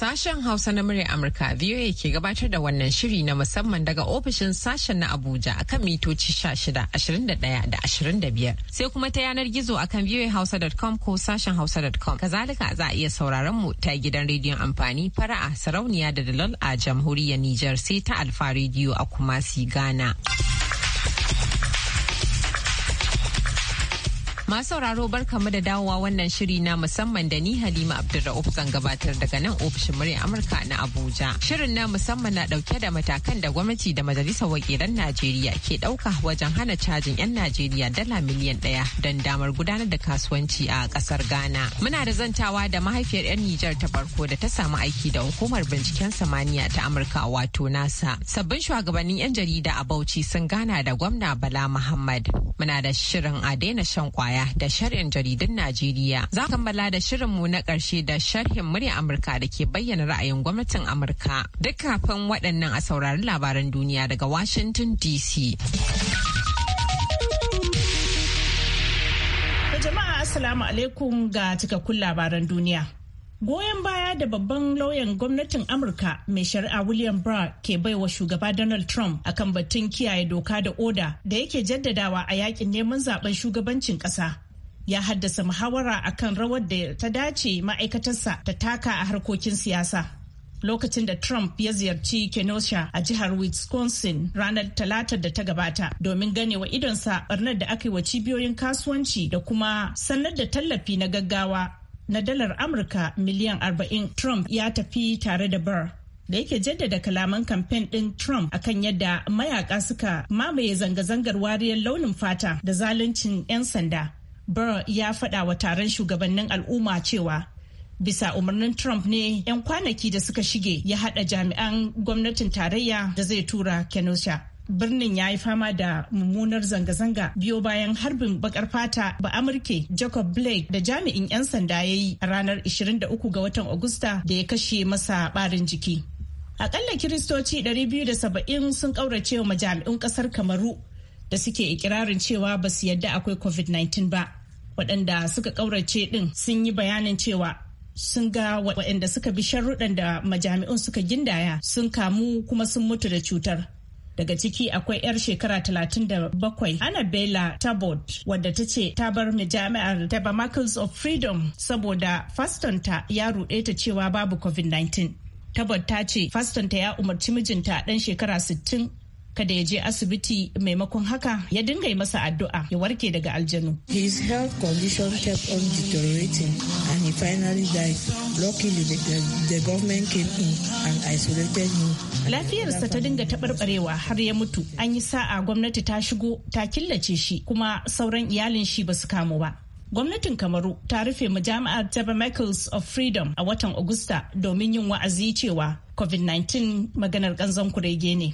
Sashen Hausa na murya Amurka VOA ke gabatar da wannan shiri na musamman daga ofishin sashen na Abuja akan mitoci 16, 21 da 25. Sai kuma ta yanar gizo akan voahausa.com ko sashen hausa.com. Kazalika za a iya sauraron mu ta gidan rediyon amfani fara'a sarauniya da dalal a jamhuriyar Nijar sai ta Alfa rediyo a Kumasi Ghana. Masu sauraro barkamu da dawowa wannan shiri na musamman da ni Halima Abdulrauf zan gabatar daga nan ofishin murya Amurka na Abuja. Shirin na musamman na dauke da matakan da gwamnati da majalisar wakilan Najeriya ke dauka wajen hana cajin 'yan Najeriya dala miliyan daya don damar gudanar da kasuwanci a kasar Ghana. Muna da zantawa da mahaifiyar 'yan Nijar ta farko da ta samu aiki da hukumar binciken samaniya ta Amurka wato NASA. Sabbin shugabannin 'yan jarida a Bauchi sun gana da gwamna Bala Muhammad. Muna da shirin a daina shan kwaya baya da shirin jaridun Najeriya. Za kammala da shirin mu na ƙarshe da sharhin murya Amurka da ke bayyana ra'ayin gwamnatin Amurka. Duk kafin waɗannan a saurari labaran duniya daga Washington DC. Jama'a Assalamu alaikum ga cikakkun labaran duniya. Goyon baya da babban lauyan gwamnatin Amurka mai shari'a William Barr ke baiwa shugaba Donald Trump akan batun kiyaye doka da oda da yake jaddadawa a yakin neman zaben shugabancin ƙasa. Ya haddasa muhawara a kan rawar da ta dace ma'aikatarsa ta taka a harkokin siyasa. lokacin da Trump ya ziyarci Kenosha a jihar Wisconsin ranar Talata da ta gabata domin ganewa idonsa barnar da aka yi wa cibiyoyin kasuwanci da kuma sanar da tallafi na gaggawa na dalar Amurka miliyan 40 Trump ya tafi tare da bar da yake jaddada kalaman kamfen ɗin Trump akan yadda mayaka suka mamaye zanga-zangar wariyar launin fata da zaluncin 'yan sanda. Burr ya faɗawa wa taron shugabannin al'umma cewa bisa umarnin Trump ne 'yan kwanaki da suka shige ya haɗa jami'an gwamnatin tarayya da zai tura Kenosha. birnin ya yi fama da mummunar zanga-zanga biyo bayan harbin bakar fata ba amurke jacob blake da jami'in 'yan sanda ya yi a ranar 23 ga watan agusta da ya kashe masa barin jiki akalla kiristoci 270 sun kaurace wa majami'un kasar kamaru da suke ikirarin cewa ba su yadda akwai covid-19 ba waɗanda suka kaurace din sun yi bayanin cewa sun ga waɗanda suka bi sharruɗan da majami'un suka gindaya sun kamu kuma sun mutu da cutar daga ciki akwai 'yar shekara 37 annabella tabot wadda ta ce ta bar jami'ar tabernacles of freedom saboda fastonta ya ruɗe ta cewa babu covid-19 tabot ta ce fastonta ya umarci mijinta ɗan shekara 60 kada ya je asibiti maimakon haka ya dinga yi masa addu'a ya warke daga aljanu. His health condition kept on deteriorating and he finally died. Luckily the, the government came in and isolated him lafiyarsa ta dinga taɓarɓarewa har ya mutu an yi sa'a gwamnati ta shigo ta killace shi kuma sauran iyalin shi ba su kamu ba gwamnatin kamaru ta rufe majami'ar jaba michaels of freedom a watan agusta domin yin wa'azi cewa covid-19 maganar kanzon kurege ne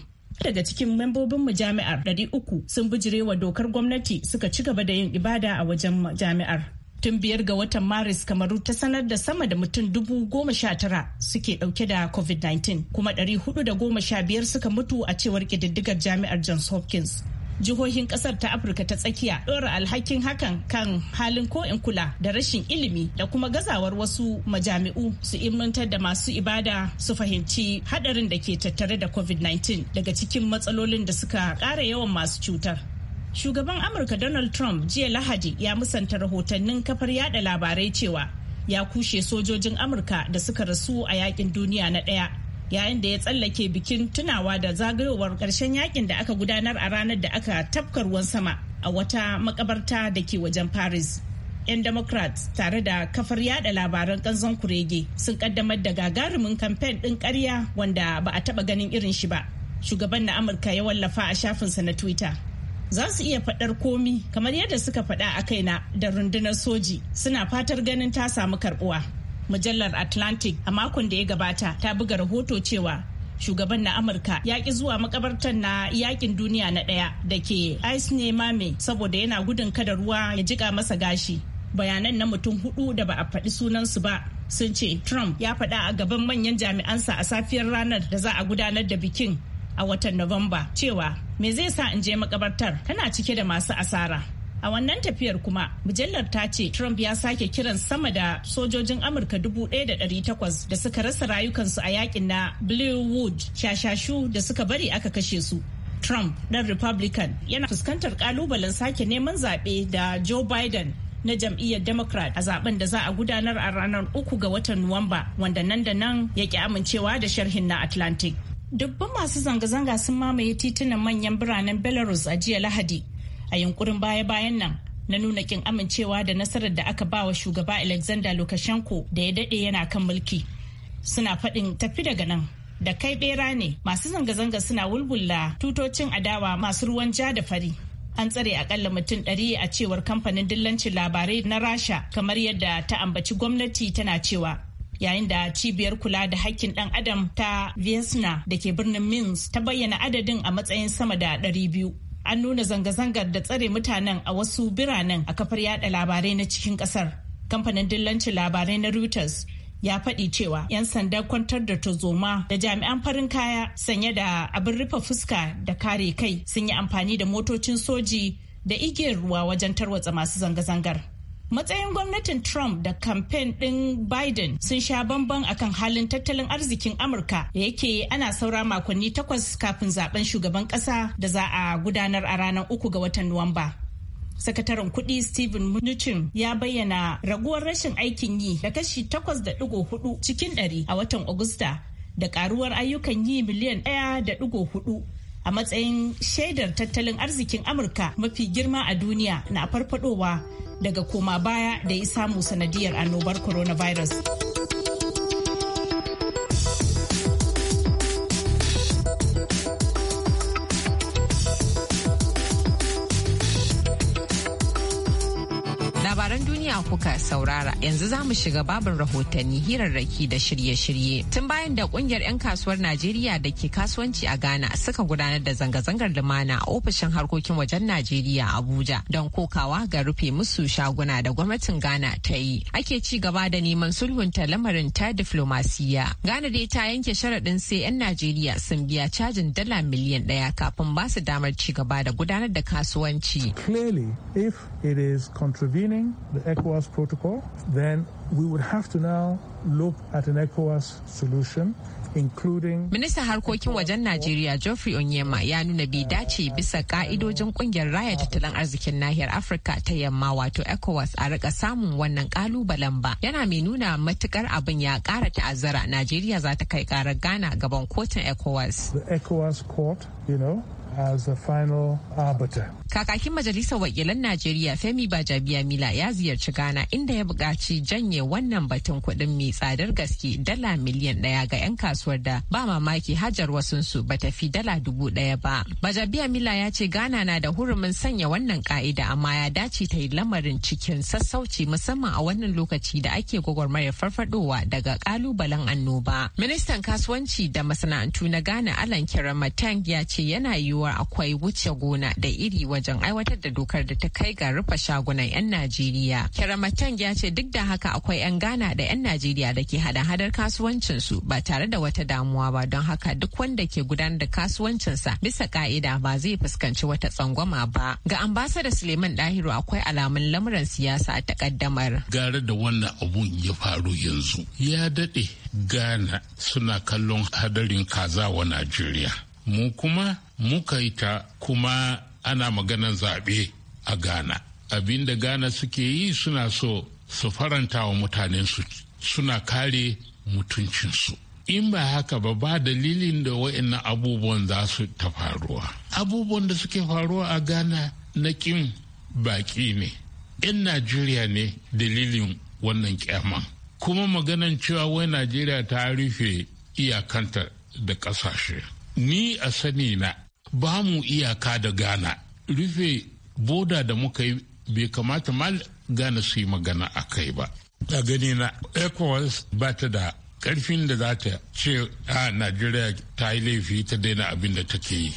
daga cikin membobin majami'ar 300 sun bijirewa dokar gwamnati suka ci gaba da yin ibada a wajen jami'ar. tun biyar ga watan maris kamaru ta sanar da sama da mutum dubu goma sha tara suke dauke da covid-19 kuma ɗari hudu da goma sha biyar suka mutu a cewar kididdigar jami'ar johns hopkins jihohin kasar ta afirka ta tsakiya ɗora alhakin hakan kan halin ko'in kula da rashin ilimi da kuma gazawar wasu majami'u su ilmantar da masu ibada su fahimci hadarin da ke tattare da covid-19 daga cikin matsalolin da suka ƙara yawan masu cutar Shugaban Amurka Donald Trump jiya Lahadi ya musanta rahotannin kafar yada labarai cewa ya kushe sojojin Amurka da suka rasu a yakin duniya na ɗaya. Yayin da ya tsallake bikin tunawa da zagayowar ƙarshen yakin da aka gudanar a ranar da aka tafka ruwan sama a wata makabarta da ke wajen Paris. 'yan democrats tare da kafar yada labaran kanzon kurege sun kaddamar da gagarumin kamfen ɗin karya wanda ba a taɓa ganin irin shi ba shugaban na amurka ya wallafa a shafinsa na twitter za su iya faɗar komi kamar yadda suka faɗa a kaina da rundunar soji suna fatar ganin ta samu karbuwa. Mujallar Atlantic a makon da ya gabata ta buga rahoto cewa shugaban na Amurka ya ki zuwa makabartar na yakin duniya na ɗaya da ke ice ne Mame saboda yana gudun kada ruwa ya jika masa gashi. Bayanan na mutum hudu da ba a faɗi sunansu ba sun ce Trump ya faɗa a gaban manyan jami'ansa a safiyar ranar da za a gudanar da bikin a watan Nuwamba cewa me zai sa in je makabartar tana cike da masu asara. A wannan tafiyar kuma mujallar ta ce Trump ya sake kiran sama da sojojin Amurka 1,800 da suka rasa rayukansu a yakin na Blue Wood shashashu da suka bari aka kashe su. Trump ɗan Republican yana fuskantar ƙalubalen sake neman zaɓe da Joe Biden na jam'iyyar Democrat a zaɓen da za a gudanar a ranar uku ga watan Nuwamba wanda nan da nan ya ƙi amincewa da sharhin na Atlantic. Dubban masu zanga-zanga sun mamaye titunan manyan biranen Belarus a jiya Lahadi a yunkurin baya-bayan nan na nuna kin amincewa da nasarar da aka ba wa shugaba Alexander Lukashenko da ya dade yana kan mulki. Suna faɗin tafi daga nan da kai ɓera ne masu zanga-zanga suna wulwula tutocin adawa masu ruwan ja da fari. An tsare akalla mutum ɗari a cewar kamfanin dillancin labarai na Rasha kamar yadda ta ambaci gwamnati tana cewa yayin da cibiyar kula da hakkin ɗan adam ta Vesna da ke birnin Minsk ta bayyana adadin a matsayin sama da ɗari biyu. An nuna zanga-zangar da tsare mutanen a wasu biranen a kafar yada labarai na cikin ƙasar. Kamfanin dillancin labarai na Reuters ya faɗi cewa 'yan sandan kwantar da tozoma da jami'an farin kaya sanye da abin rufe fuska da kare kai sun yi amfani da motocin soji da igiyar ruwa wajen tarwatsa masu zanga-zangar. Matsayin gwamnatin Trump da kamfen ɗin Biden sun sha bamban akan halin tattalin arzikin Amurka da yake ana saura makonni takwas kafin zaben shugaban ƙasa da za a gudanar a ranar uku ga watan Nuwamba. sakataren kudi steven mnuchin ya bayyana raguwar rashin aikin yi da kashi takwas da 8.4 cikin 100 a watan agusta da karuwar ayyukan yi miliyan da digo hudu. a matsayin shaidar tattalin arzikin amurka mafi girma a duniya na farfadowa daga koma baya da ya samu sanadiyar annobar coronavirus. Allah kuka saurara yanzu za mu shiga babin rahotanni hirarraki da shirye-shirye. Tun bayan da kungiyar 'yan kasuwar Najeriya da ke kasuwanci a Ghana suka gudanar da zanga-zangar lumana a ofishin harkokin wajen Najeriya Abuja don kokawa ga rufe musu shaguna da gwamnatin Ghana ta yi. Ake ci gaba da neman sulhunta lamarin ta diflomasiya. Ghana dai ta yanke sharaɗin sai 'yan Najeriya sun biya cajin dala miliyan ɗaya kafin ba su damar ci gaba da gudanar da kasuwanci. Clearly, if it is contravening the ECOWAS protocol, then we would have to now look at an ECOWAS solution including Ministan harkokin wajen Najeriya Geoffrey Onyema ya nuna bai dace bisa ka'idojin kungiyar raya tattalin arzikin nahiyar Afirka ta yamma wato ECOWAS a rika samun wannan kalubalen ba. Yana mai nuna matukar abin ya kara ta'azzara Najeriya za ta kai karar Ghana gaban kotun ECOWAS. The ECOWAS court, you know, as a final arbiter. Kakakin Majalisar Wakilan Najeriya Femi Bajabiya Mila ya ziyarci Ghana inda ya buƙaci janye wannan batun kuɗin mai tsadar gaske dala miliyan ɗaya ga 'yan kasuwar da ba mamaki hajar wasunsu ba ta fi dala dubu ɗaya ba. Bajabiya Mila ya ce Ghana na da hurumin sanya wannan ka'ida amma ya dace ta yi lamarin cikin sassauci musamman a wannan lokaci da ake gwagwarmayar farfadowa daga kalubalen annoba. Ministan kasuwanci da masana'antu na Ghana Alan Kiramatang ya ce yana yiwuwa cewar akwai wuce gona da iri wajen aiwatar da dokar da ta kai ga rufe shagunan 'yan Najeriya. Kiramatan ya ce duk da haka akwai 'yan Ghana da 'yan Najeriya da ke hada-hadar kasuwancinsu ba tare da wata damuwa ba don haka duk wanda ke gudanar da kasuwancinsa bisa ka'ida ba zai fuskanci wata tsangwama ba. Ga ambasada Suleiman Dahiru akwai alamun lamuran siyasa a takaddamar. Gare da wannan abun ya faru yanzu ya daɗe Ghana suna kallon hadarin kaza wa Najeriya. Mu kuma muka yi ta kuma ana maganar zaɓe a ghana abin da ghana suke yi suna so su faranta wa mutanensu suna kare mutuncinsu in ba haka ba ba dalilin da wa'annan abubuwan za su ta faruwa abubuwan da suke faruwa a ghana na kin baƙi ne 'yan najeriya ne dalilin wannan kyaman kuma maganan cewa wai najeriya ta rufe iyakanta da ƙasashe. ni a sani na ba mu iyaka da ghana rufe boda da muka yi bai kamata mal ghana su yi magana a kai ba a gani na ecowas ba ta da karfin da za ta ce a najeriya ta yi laifi ta daina abin da take yi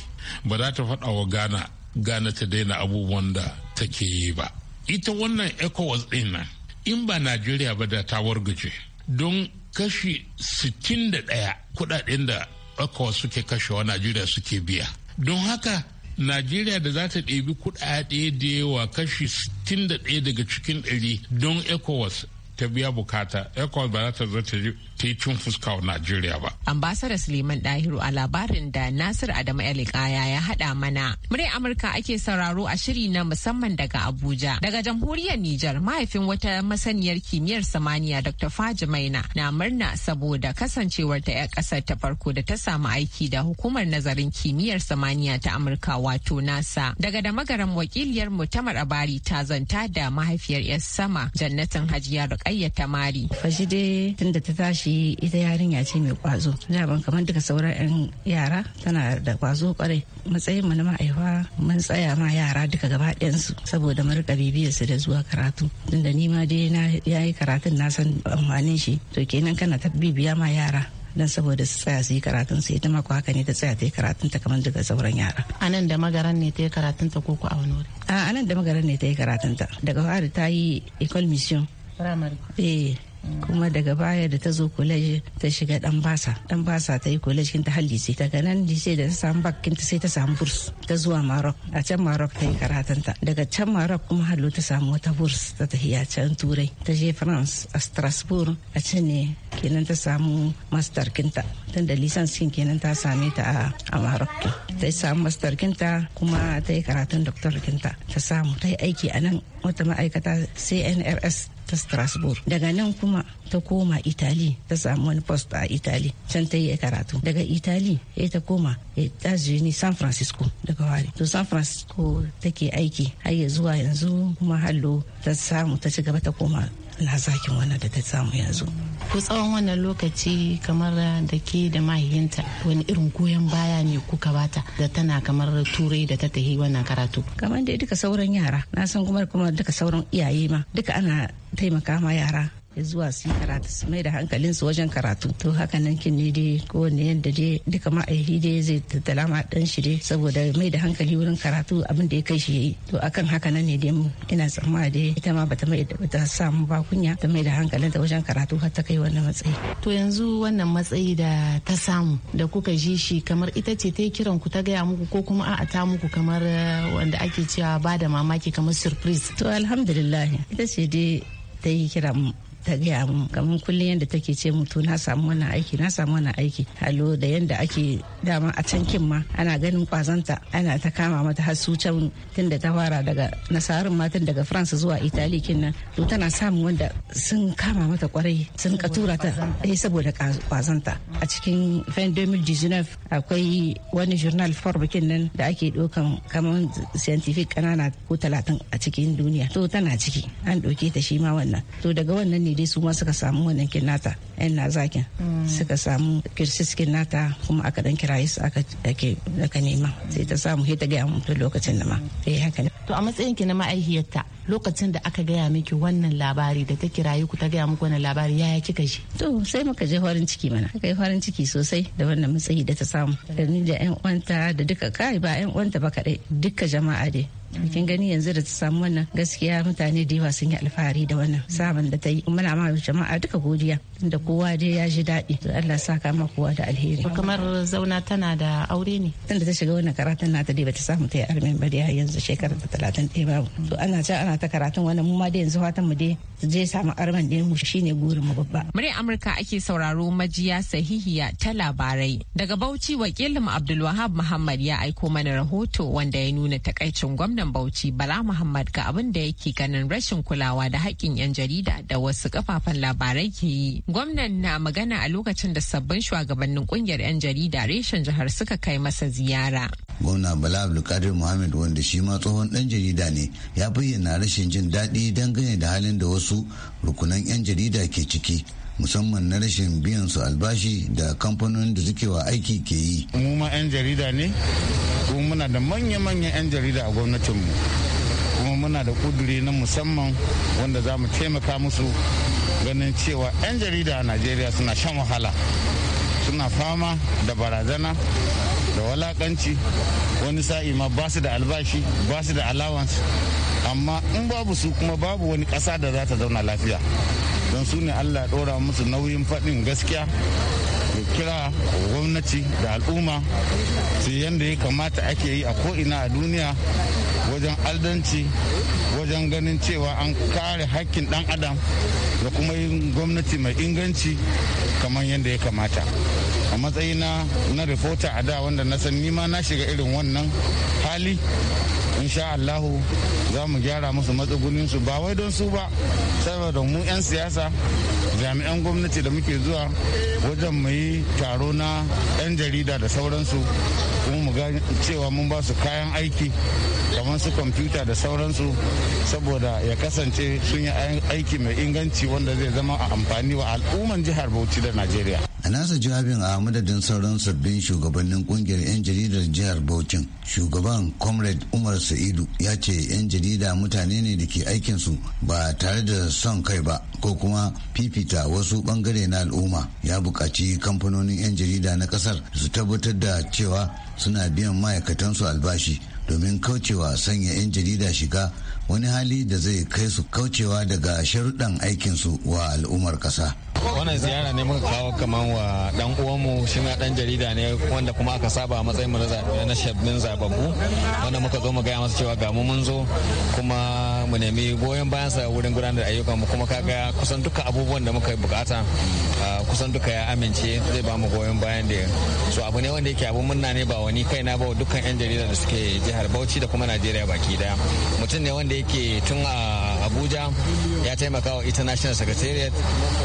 ba za ta faɗa wa ghana ghana ta daina abubuwan da take yi ba ita wannan ecowas ɗin nan in ba najeriya ba da ta wargaje don kashi 61 kudaden da ecowas suke kashewa najeriya suke biya don haka najeriya da za ta ɗebi kuɗaɗe da yawa kashi 61 daga cikin 100 don ecowas ta biya bukata ecuador ba za ta zo ta yi cin fuska wa najeriya ba ambasada suleiman dahiru a labarin da nasir adamu elikaya ya haɗa mana muryar amurka ake sauraro a shiri na musamman daga abuja daga jamhuriyar nijar mahaifin wata masaniyar kimiyyar samaniya dr faji maina na murna saboda kasancewar ta 'yar ƙasar ta farko da ta samu aiki da hukumar nazarin kimiyyar samaniya ta amurka wato nasa daga da magaran wakiliyar mutamar abari ta zanta da mahaifiyar 'yar sama jannatin hajiya ayyata mari. Fashi dai tun da ta tashi ita yarinya ce mai kwazo. ban kamar duka sauran 'yan yara tana da kwazo kwarai. Matsayin mu na ma'aifa mun tsaya ma yara duka gaba ɗayansu saboda mu rika bibiyar su da zuwa karatu. Tun da ni ma dai na yayi karatun na san amfanin shi. To kenan kana ta bibiya ma yara. don saboda su tsaya su yi karatun su ita ko haka ne ta tsaya ta yi karatun ta kamar daga sauran yara. A nan da magaran ne ta yi karatun ta koko a wani wuri? A nan da magaran ne ta yi karatun ta. Daga fari ta yi ecole mission primary eh kuma daga baya da ta zo college ta shiga dan basa dan basa ta yi college ta har lise daga nan lise da ta samu ta sai ta samu burs ta zuwa marok a can marok ta yi karatunta daga can marok kuma hallo ta samu wata burs ta tafiya can turai ta je france a strasbourg a can ne kenan ta samu master kinta tun da lisansin kenan ta same ta a marok ta samu master kinta kuma ta yi karatun doctor kinta ta samu ta yi aiki a nan wata ma'aikata cnrs ta strasbourg daga nan kuma ta koma italy ta samu wani post a italy can ta yi karatu daga italy ya ta koma eh, ta ni san francisco daga wari to san francisco take aiki har zuwa yanzu kuma hallo ta samu ta ci gaba ta koma zakin wannan da ta samu yanzu ku tsawon wannan lokaci kamar da ke da mahiyinta wani irin goyon baya ne kuka bata da tana kamar turai da ta tahi wannan karatu kamar da duka sauran yara na san kuma kuma duka sauran iyaye ma duka ana taimaka ma yara zuwa su yi karatu su mai da hankalin su wajen karatu to haka nan kin ne dai kowane yadda dai duka ma'aiki dai zai tattala ma dan shi dai saboda mai da hankali wurin karatu abin da ya kai shi yayi to akan haka nan ne dai mu ina tsammani dai ita ma bata mai bata samu ba kunya ta mai da hankalin ta wajen karatu har ta kai wannan matsayi to yanzu wannan matsayi da ta samu da kuka ji shi kamar ita ce ta yi kiran ku ta gaya muku ko kuma a'a ta muku kamar eh, wanda ake cewa ba da mamaki kamar surprise to alhamdulillah ita ce dai ta yi kiran mu ta gaya mu kamar kullum yadda take ce mutu na samu wannan aiki na samu wannan aiki halo da yadda ake dama a can kin ma ana ganin kwazanta ana ta kama mata har su can tun da ta fara daga nasarin ma tun daga France zuwa Italy kin nan to tana samun wanda sun kama mata kwarai sun ka tura ta eh saboda kwazanta a cikin fin 2019 akwai wani journal Forbes nan da ake dokan kamar scientific kanana ko talatin a cikin duniya to tana ciki an ɗauke ta shi ma wannan to daga wannan ne dai su ma suka samu wannan kinnata yan nazakin mm. suka samu kirsis kinnata kuma aka dan kiraye su aka nema sai ta samu sai ta gaya mutu lokacin da ma sai eh, haka ne to a matsayin ki na ma'aihiyarta lokacin da aka gaya miki wannan labari da ta kiraye ku ta gaya muku wannan labari yaya kika ji to sai muka je farin ciki mana aka yi farin ciki sosai da wannan matsayi da ta samu da ni da yan uwanta da duka kai ba yan uwanta ba kaɗai. duka jama'a dai kin gani yanzu da ta samu wannan gaskiya mutane da yawa sun yi alfahari da wannan samun da ta yi muna ma jama'a duka godiya da kowa dai ya ji daɗi to Allah saka kama kowa da alheri kamar zauna tana da aure ne tunda ta shiga wannan karatun nata dai bata samu ta yi armen ba dai har yanzu shekarar ta talatin ɗaya babu to ana can ana ta karatun wannan mu ma dai yanzu fatan mu dai je samu armen ɗin mu shine gurin mu babba muryar Amurka ake sauraro majiya sahihiya ta labarai daga Bauchi wakilin Abdulwahab Muhammad ya aiko mana rahoto wanda ya nuna takaicin gwamnan Bauchi Bala Muhammad ga abin da yake ganin rashin kulawa da haƙƙin 'yan jarida da wasu kafafen labarai ke yi Gwamnan na magana a lokacin da sabbin shugabannin kungiyar 'yan jarida reshen jihar suka kai masa ziyara. Gwamna Bala Abdulkadir Muhammad wanda shi ma tsohon ɗan jarida ne ya bayyana rashin jin daɗi dangane da halin da wasu rukunan 'yan jarida ke ciki. musamman na rashin biyan su albashi da kamfanonin da suke wa aiki ke yi. Mu ma 'yan jarida ne, kuma muna da manya-manyan 'yan jarida a gwamnatinmu. Kuma muna da kuduri na musamman wanda za mu taimaka musu ganin cewa 'yan jarida a najeriya suna shan wahala suna fama da barazana da walakanci wani sa'i ma ba su da albashi ba su da allowance amma in babu su kuma babu wani ƙasa da za ta zauna lafiya don su ne allah ɗora musu nauyin faɗin gaskiya da kira gwamnati da al'umma su yadda ya kamata ake yi a ko'ina a duniya wajen aldanci wajen ganin cewa an kare haƙƙin ɗan adam da kuma yin gwamnati mai inganci kamar yadda ya kamata a matsayina na reporter a da wanda na san nima na shiga irin wannan hali insha Allahu za mu gyara musu matsuguninsu ba wai don su ba saboda mu 'yan siyasa jami'an gwamnati da muke zuwa wajen mu yi taro na 'yan jarida da sauransu kuma mu ga cewa mun ba su kayan aiki wasu su kwamfuta da sauransu saboda ya kasance sun yi aiki mai inganci wanda zai zama a amfani wa al'umman jihar bauchi da najeriya a nasa jawabin a madadin sauran sabbin shugabannin kungiyar 'yan jaridar jihar bauchi shugaban comrade umar sa'idu ya ce 'yan jarida mutane ne da ke aikinsu ba tare da son kai ba ko kuma fifita wasu bangare na al'umma ya bukaci kamfanonin 'yan jarida na ƙasar su tabbatar da cewa suna biyan ma'aikatansu albashi domin kaucewa sanya 'yan jarida shiga wani hali da zai kai su kaucewa daga sharuɗan aikinsu wa al'ummar ƙasa. wannan ziyara ne muka kawo kaman wa dan uwanmu shi na dan jarida ne wanda kuma aka saba a matsayin mu na shabbin zababbu wanda muka zo mu gaya masa cewa ga mu mun zo kuma mu nemi goyon bayan sa wurin gudanar ayyukan mu kuma kaga kusan duka abubuwan da muka bukata kusan duka ya amince zai ba mu goyon bayan da so abu ne wanda yake abun munna ne ba wani kai na ba dukkan yan jarida da suke jihar Bauchi da kuma Najeriya baki daya mutum ne wanda yake tun a abuja ya taimaka wa international secretariat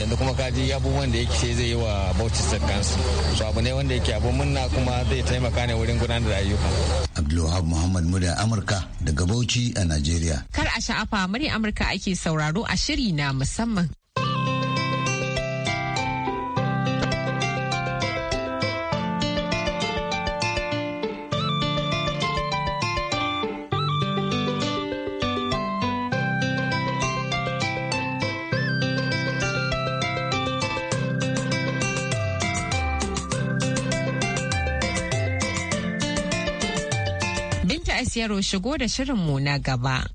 yanzu kuma kaji abubuwan da yake zai yi wa bauchi state council so abu ne wanda yake abu munna kuma zai taimaka ne wurin gudanar da ayyuka abdulwahab muhammad murya amurka daga bauchi a nigeria kar a sha'afa murya amurka ake sauraro a shiri na musamman Grace Yaro shigo da shirinmu na gaba.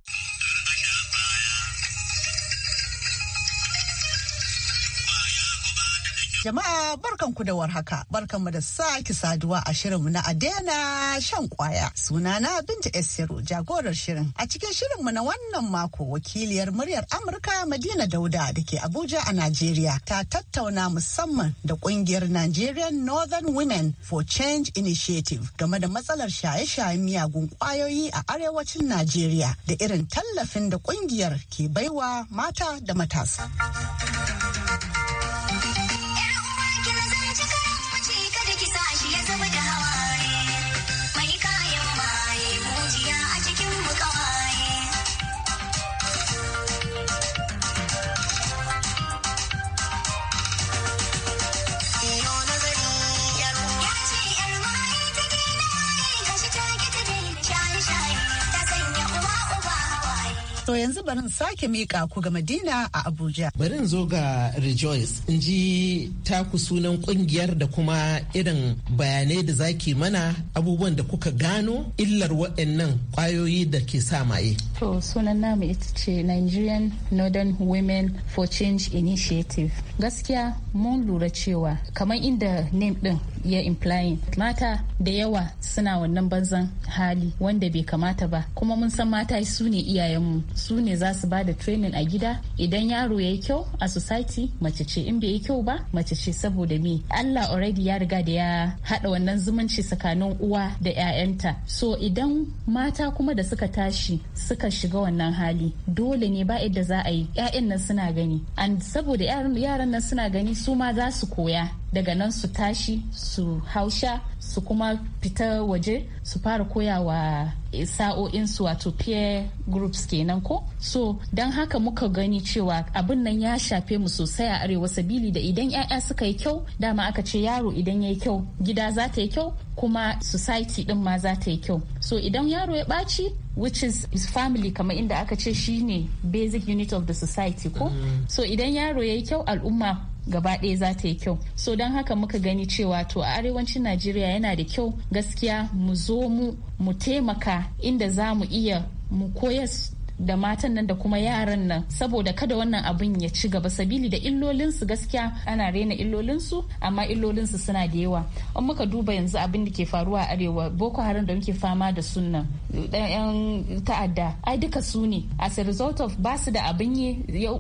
barkan ku da warhaka mu da sake saduwa a shirin mu na adena shan kwaya sunana binta esiru jagorar shirin a cikin shirin mu na wannan mako wakiliyar muryar amurka madina dauda da ke abuja a Nigeria ta tattauna musamman da kungiyar nigerian northern women for change initiative game da matsalar shaye-shayen miyagun kwayoyi a arewacin Nigeria da irin tallafin da kungiyar ke baiwa mata da matasa. yanzu barin sake mika ku ga Madina a Abuja. Barin zo ga Rejoice in ji taku sunan kungiyar da kuma irin bayanai da zaki mana abubuwan da kuka gano illar waɗannan ƙwayoyi da ke sa maye. To sunan namu ita ce Nigerian Northern Women for Change Initiative. Gaskiya mun lura cewa kamar inda name din ya implying mata da yawa suna wannan banzan hali wanda bai kamata ba kuma mun san mata su ne iyayenmu su ne za su ba da training a gida idan yaro ya yi kyau a society mace ce in bai yi kyau ba mace ce saboda me Allah already ya riga da ya hada wannan zumunci tsakanin uwa da 'ya'yanta so idan mata kuma da suka tashi suka shiga wannan hali dole ne ba yadda za a yi 'ya'yan nan suna gani and saboda yaran nan suna gani su ma za su koya daga nan su tashi su hausha su kuma fita waje su fara koyawa eh, su wato peer groups kenan ko so don haka muka gani cewa abin nan ya shafe mu sosai a arewa sabili da idan 'ya'ya suka yi kyau dama aka ce yaro idan ya yi kyau gida za ta yi kyau kuma society din ma za ta yi kyau so idan yaro ya ɓaci which is his family kamar inda aka ce shine basic unit of the society ko mm. so idan yaro ya yi kyau al'umma gaba ɗaya za ta yi kyau so don haka muka gani cewa to a arewacin najeriya yana da kyau gaskiya mu zo mu mu taimaka inda za mu iya mu koyas da matan nan da kuma yaran nan saboda kada wannan abin ya ci gaba sabili da illolinsu gaskiya ana rena illolinsu amma illolinsu suna da yawa an muka duba yanzu abin da ke faruwa a arewa boko haram da muke fama da sunan yan ta'adda ai duka su ne as a result of ba da abin yi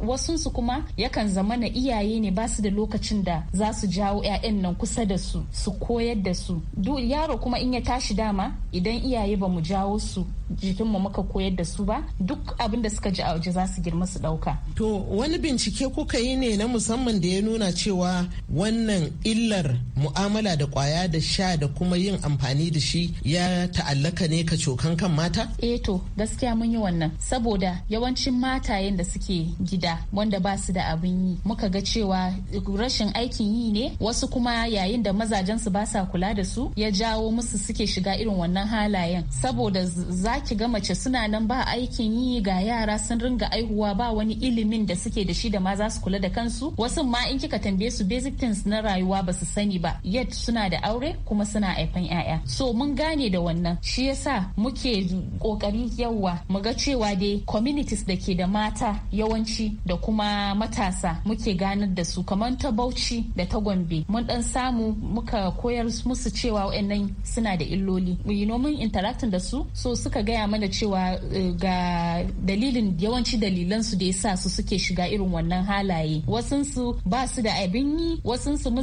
wasunsu kuma yakan zama na iyaye ne basu da lokacin da za su jawo 'ya'yan nan kusa da su su koyar da su yaro kuma in ya tashi dama idan iyaye ba mu jawo su jikin mu muka koyar da su ba duk abin da suka ji a waje za su girma su ɗauka. To wani bincike kuka yi ne na musamman da ya nuna cewa wannan illar mu'amala da kwaya da sha da kuma yin amfani da shi ya ta'allaka ne ka cokan kan mata? Eh to gaskiya mun yi wannan saboda yawancin matayen da suke gida wanda ba su da abin yi muka ga cewa rashin aikin yi ne wasu kuma yayin da mazajensu ba sa kula da su ya jawo musu suke shiga irin wannan halayen saboda za za ki ga mace suna nan ba aikin yi ga yara sun ringa aihuwa ba wani ilimin da suke da shi da ma za su kula da kansu wasu ma in kika tambaye su basic things na rayuwa ba su sani ba yet suna da aure kuma suna aifan yaya so mun gane da wannan shi yasa muke kokari yawa mu ga cewa dai communities da ke da mata yawanci da kuma matasa muke ganar da su kamar ta Bauchi da ta Gombe mun dan samu muka koyar musu cewa wayannan suna da illoli mu yi nomin interacting da su so suka gaya mana cewa eh, ga dalilin yawanci dalilan su da yasa su suke shiga irin wannan halaye wasun ba su da abin yi wasun mazajensu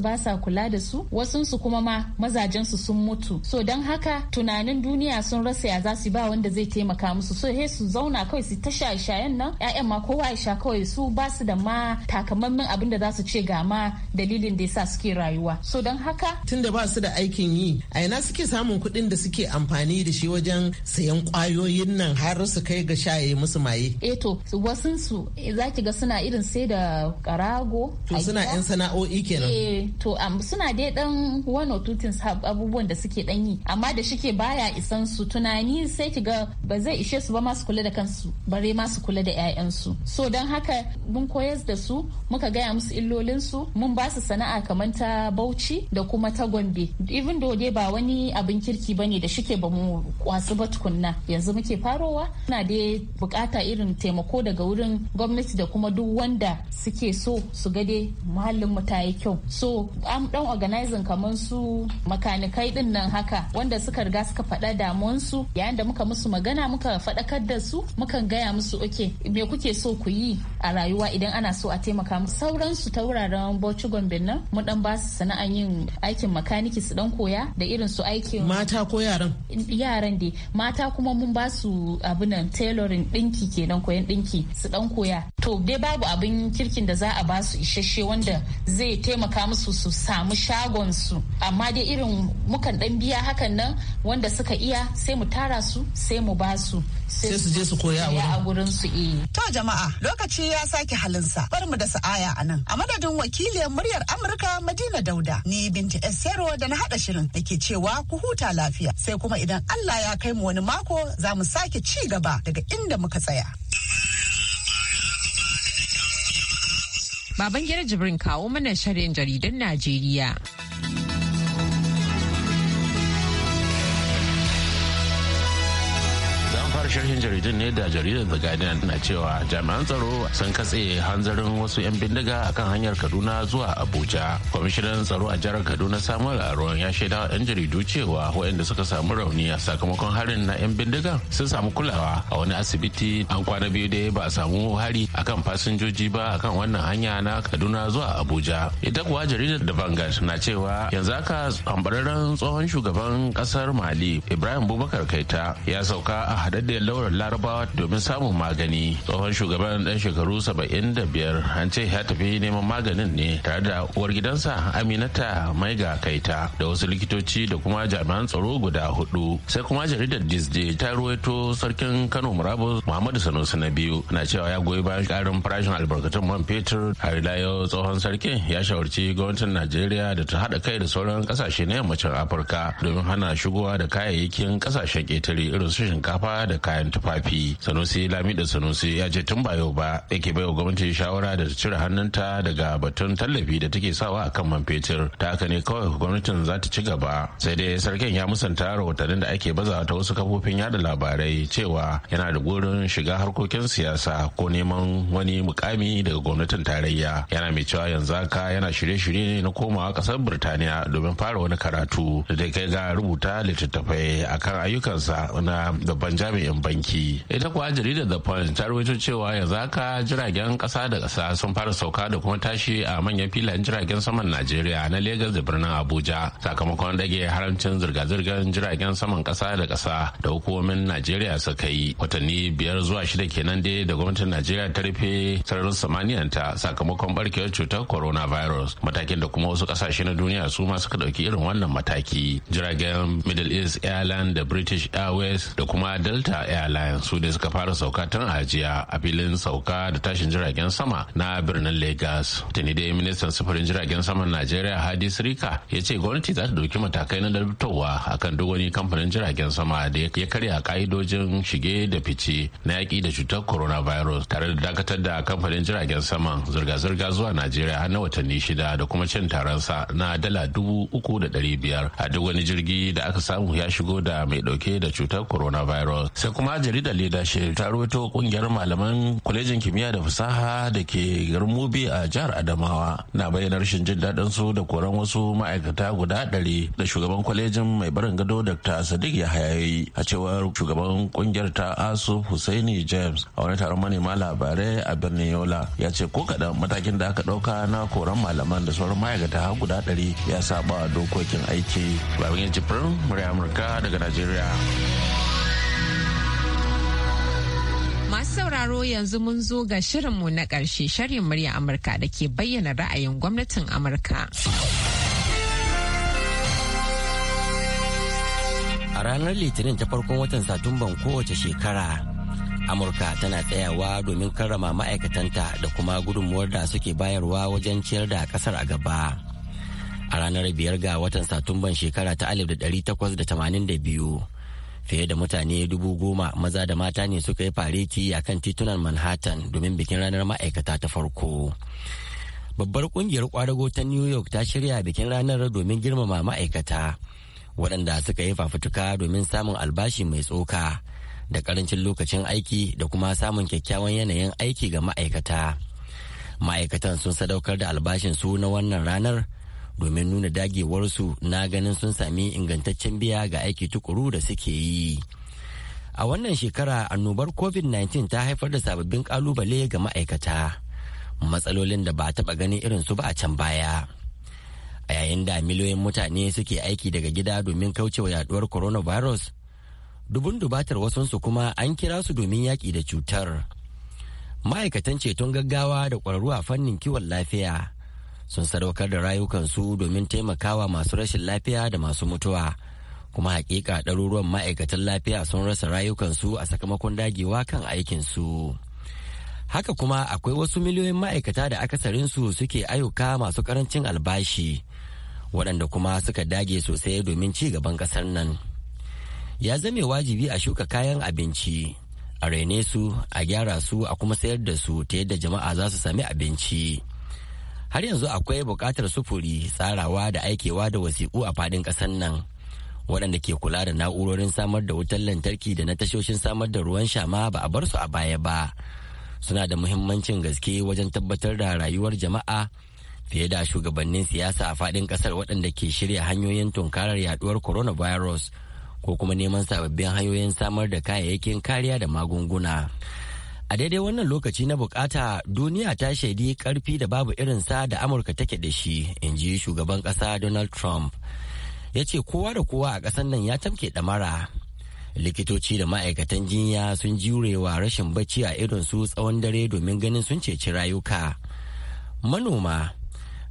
mazajen ba sa kula da su wasun kuma ma mazajensu sun mutu so don haka tunanin duniya sun rasa ya za su ba wanda zai taimaka musu so he su zauna kawai su ta shayen nan ƴaƴan ma kowa ya sha kawai su ba su da ma takamaiman abin da za su ce ga ma dalilin da ya sa suke rayuwa so don haka tunda ba su da aikin yi a ina suke samun kuɗin da suke amfani da shi wajen sayan kwayoyin nan har su kai ga shaye musu maye E to wasun su ki ga suna irin sai da karago to suna yan sana'o'i kenan eh, to suna dai dan one or two things abubuwan da suke dan yi amma da shike baya isan su tunani sai ki ga ba zai ishe su ba masu kula da kansu bare masu kula da 'ya'yansu so don haka mun koyar da su muka gaya musu illolinsu mun ba su sana'a kamar ta bauchi da kuma ta gombe even though dai ba wani abin kirki bane da shike ba mu kwasu ba tukunna yanzu muke farowa na da bukata irin taimako daga wurin gwamnati da kuma duk wanda suke so su ga dai muhallin mu ta yi kyau so an dan organizing kamar su makanikai din nan haka wanda suka riga suka faɗa damuwansu yayin da muka musu magana muka faɗakar da su mukan gaya musu oke me kuke so ku yi a rayuwa idan ana so a taimaka musu su ta wuraren bauchi gombe nan mu dan ba su sana'an yin aikin makaniki su dan koya da irin su aikin mata ko yaran yaran dai mata kuma mun ba su abinan tailoring dinki kenan koyan dinki su dan koya to dai babu abin kirkin da za a ba su isasshe wanda zai taimaka musu su samu shagon su amma dai irin mukan dan biya hakan nan wanda suka iya sai mu tara su sai mu ba su sai su je su koya a wurin su eh to jama'a lokaci ya sake halinsa bar mu da sa'aya a nan a madadin wakili muryar amurka madina dauda ni binta esero da na hada shirin da cewa ku huta lafiya sai kuma idan allah ya kai mu wani mako za mu sake ci gaba daga inda muka tsaya. Baban Jibrin kawo mana shirin jaridan Najeriya. jaridun ne da jaridar The Guardian na cewa jami'an tsaro sun katse hanzarin wasu 'yan bindiga akan hanyar Kaduna zuwa Abuja. Kwamishinan tsaro a jihar Kaduna Samuel Aron ya shaidawa 'yan jaridu cewa waɗanda suka samu rauni a sakamakon harin na 'yan bindiga sun samu kulawa a wani asibiti an kwana biyu da ba a samu hari akan fasinjoji ba akan wannan hanya na Kaduna zuwa Abuja. Ita kuwa jaridar The Vanguard na cewa yanzu haka ambararren tsohon shugaban kasar Mali Ibrahim Bubakar Kaita ya sauka a hadadda cibiyar laurar larabawa domin samun magani tsohon shugaban dan shekaru 75 an ce ya tafi neman maganin ne tare da uwar gidansa aminata maiga kaita da wasu likitoci da kuma jami'an tsaro guda hudu sai kuma jaridar disney ta ruwaito sarkin kano murabus muhammadu sanusi na biyu na cewa ya goyi bayan karin farashin albarkatun man fetur a rilayo tsohon sarkin ya shawarci gwamnatin najeriya da ta haɗa kai da sauran kasashe na yammacin afirka domin hana shigowa da kayayyakin kasashen ƙetare irin su shinkafa da kayan tufafi sanusi lamido sanusi ya ce tun ba yau ba yake baiwa gwamnati shawara da ta cire hannunta daga batun tallafi da take sawa a kan man fetur ta haka ne kawai gwamnatin za ta ci gaba sai dai sarkin ya musanta rahotannin da ake baza ta wasu kafofin yada labarai cewa yana da gurin shiga harkokin siyasa ko neman wani mukami daga gwamnatin tarayya yana mai cewa yanzu haka yana shirye-shirye ne na komawa kasar birtaniya domin fara wani karatu da ta kai ga rubuta littattafai akan ayyukansa na babban jami'in banki ita kuwa jaridar the point ta rawaito cewa yanzu haka jiragen kasa da kasa sun fara sauka da kuma tashi a manyan filayen jiragen saman najeriya na lagos da birnin abuja sakamakon dage haramcin zirga-zirgar jiragen saman kasa da kasa da hukumomin najeriya suka yi watanni biyar zuwa shida kenan dai da gwamnatin najeriya ta rufe sararin ta, sakamakon barkewar cutar coronavirus matakin da kuma wasu kasashe na duniya su ma suka dauki irin wannan mataki jiragen middle east Airlines da british airways da kuma delta airlines su ne suka fara sauka tun ajiya a filin sauka da tashin jiragen sama na birnin lagos tuni dai ministan sufurin jiragen saman najeriya hadi sirika ya ce gwamnati za ta dauki matakai na dalbitowa akan duk wani kamfanin jiragen sama da ya karya ka'idojin shige da fice na yaki da cutar coronavirus tare da dakatar da kamfanin jiragen saman zirga-zirga zuwa najeriya har na watanni shida da kuma cin taransa na dala dubu uku da dari biyar a duk wani jirgi da aka samu ya shigo da mai ɗauke da cutar coronavirus sai kuma jaridar shi ta rawaito kungiyar malaman kwalejin kimiyya da fasaha da ke garin mubi a jihar adamawa na bayyana rashin jin daɗin su da koran wasu ma'aikata guda ɗari da shugaban kwalejin mai barin gado dr sadiq ya yi a cewar shugaban kungiyar ta asu husaini james a wani taron manema labarai a birnin yola ya ce ko kaɗan matakin da aka ɗauka na koran malaman da sauran ma'aikata guda ɗari ya saba dokokin aiki babin ya firin murya amurka daga najeriya sauraro yanzu mun zo ga shirinmu na ƙarshe shirin murya Amurka da ke bayyana ra'ayin gwamnatin Amurka. A ranar Litinin ta farkon watan Satumban kowace shekara, Amurka tana tsayawa domin karrama ma'aikatanta da kuma gudunmuwar da suke bayarwa wajen ciyar da kasar a gaba. A ranar biyar ga watan Satumban shekara ta 1882. fiye da mutane dubu goma maza da mata ne suka yi fareti a kan titunan manhattan domin bikin ranar ma'aikata ta farko babbar kungiyar kwadago ta new york ta shirya bikin ranar domin girmama ma'aikata waɗanda suka yi fafutuka domin samun albashi mai tsoka da karancin lokacin aiki da kuma samun kyakkyawan yanayin aiki ga ma'aikata ma'aikatan sun sadaukar da albashin su na wannan ranar domin nuna dagewarsu na ganin sun sami ingantaccen biya ga aiki tukuru da suke yi. A wannan shekara annobar COVID-19 ta haifar da sababbin kalubale ga ma'aikata, matsalolin da ba a taba ganin irin su ba a can baya. A yayin da miliyoyin mutane suke aiki daga gida domin kaucewa yaduwar coronavirus, dubun dubatar wasansu kuma an kira su domin yaƙi da cutar. Ma'aikatan ceton gaggawa da ƙwararru a fannin kiwon lafiya. sun sadaukar da rayukansu domin taimakawa masu rashin lafiya da masu mutuwa kuma hakika ɗaruruwan ma'aikatan lafiya sun rasa rayukansu a sakamakon dagewa kan aikinsu haka kuma akwai wasu miliyoyin ma'aikata da akasarinsu suke ayyuka masu karancin albashi waɗanda kuma suka dage sosai domin ci gaban ƙasar nan ya zame wajibi a shuka kayan abinci a rene su a gyara su a kuma sayar da su ta yadda jama'a za su sami abinci. har yanzu akwai buƙatar sufuri tsarawa da aikewa da wasiƙu a faɗin ƙasar nan waɗanda ke kula da na'urorin samar da wutar lantarki da na tashoshin samar da ruwan shama ba a bar su a baya ba suna da muhimmancin gaske wajen tabbatar da rayuwar jama'a fiye da shugabannin siyasa a faɗin ƙasar waɗanda ke shirya hanyoyin tunkarar yaɗuwar coronavirus ko kuma neman sababbin hanyoyin samar da kayayyakin kariya da magunguna a daidai wannan lokaci na bukata duniya ta shaidi karfi da babu irin sa da amurka take da shi in ji shugaban kasa donald trump ya ce kowa da kowa a ƙasar nan ya tamke ɗamara likitoci da ma'aikatan jinya sun jurewa rashin bacci a idon su tsawon dare domin ganin sun ceci rayuka manoma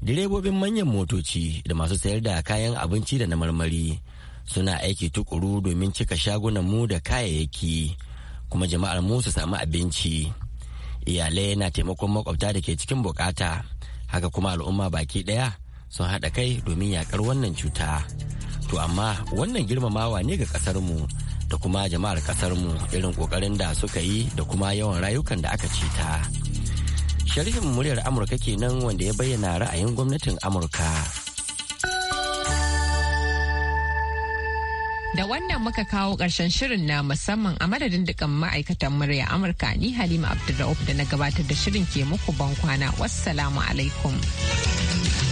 direbobin manyan motoci da masu sayar da kayan abinci da na marmari suna aiki tukuru domin cika shagunan da kayayyaki kuma jama'ar mu su samu abinci iyalai na taimakon makwabta da ke cikin bukata haka kuma al'umma baki daya sun haɗa kai domin yakar wannan cuta to amma wannan girmamawa ne ga kasar mu da kuma jama'ar kasar mu irin ƙoƙarin da suka yi da kuma yawan rayukan da aka cita sharhin muryar amurka kenan wanda ya bayyana ra'ayin gwamnatin amurka Da wannan muka kawo ƙarshen shirin na musamman a madadin dikan ma'aikatan murya Amurka ni Halima abdullahi da na gabatar da shirin ke muku ban kwana Wassalamu alaikum.